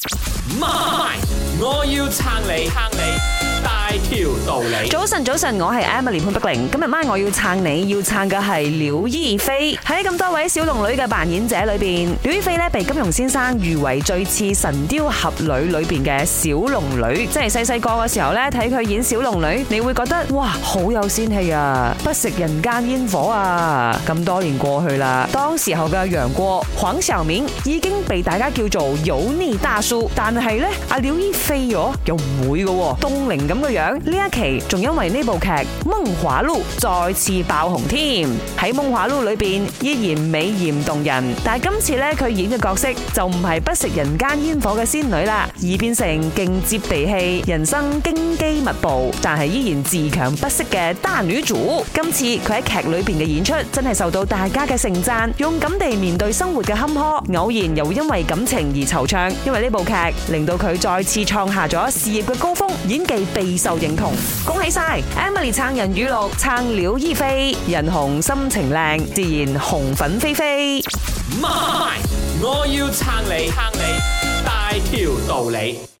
媽咪，My, 我要撐你，撐你。大條道理，早晨早晨，我係 Emily 潘碧玲，今日晚我要撐你要撐嘅係劉亦菲。喺咁多位小龍女嘅扮演者裏邊，劉亦菲被金庸先生譽為最似神雕俠侶裏邊嘅小龍女，即係細細個嘅時候呢，睇佢演小龍女，你會覺得哇好有仙氣啊，不食人間煙火啊，咁多年過去啦，當時候嘅楊過黃曉明已經被大家叫做油膩大叔，但係呢，阿劉亦菲咗又唔會嘅、啊，東陵。咁嘅樣，呢一期仲因為呢部劇《夢華錄》再次爆紅添。喺《夢華錄》裏邊依然美艷動人，但係今次呢佢演嘅角色就唔係不食人間煙火嘅仙女啦，而變成勁接地氣、人生荊棘密布，但係依然自強不息嘅單女主。今次佢喺劇裏邊嘅演出真係受到大家嘅盛讚，勇敢地面對生活嘅坎坷，偶然又會因為感情而惆悵。因為呢部劇令到佢再次創下咗事業嘅高峰，演技，備受認同，恭喜晒 Emily 撐人語錄，撐鳥依飛，人紅心情靚，自然紅粉飛飛。我要撐你，撐你大條道理。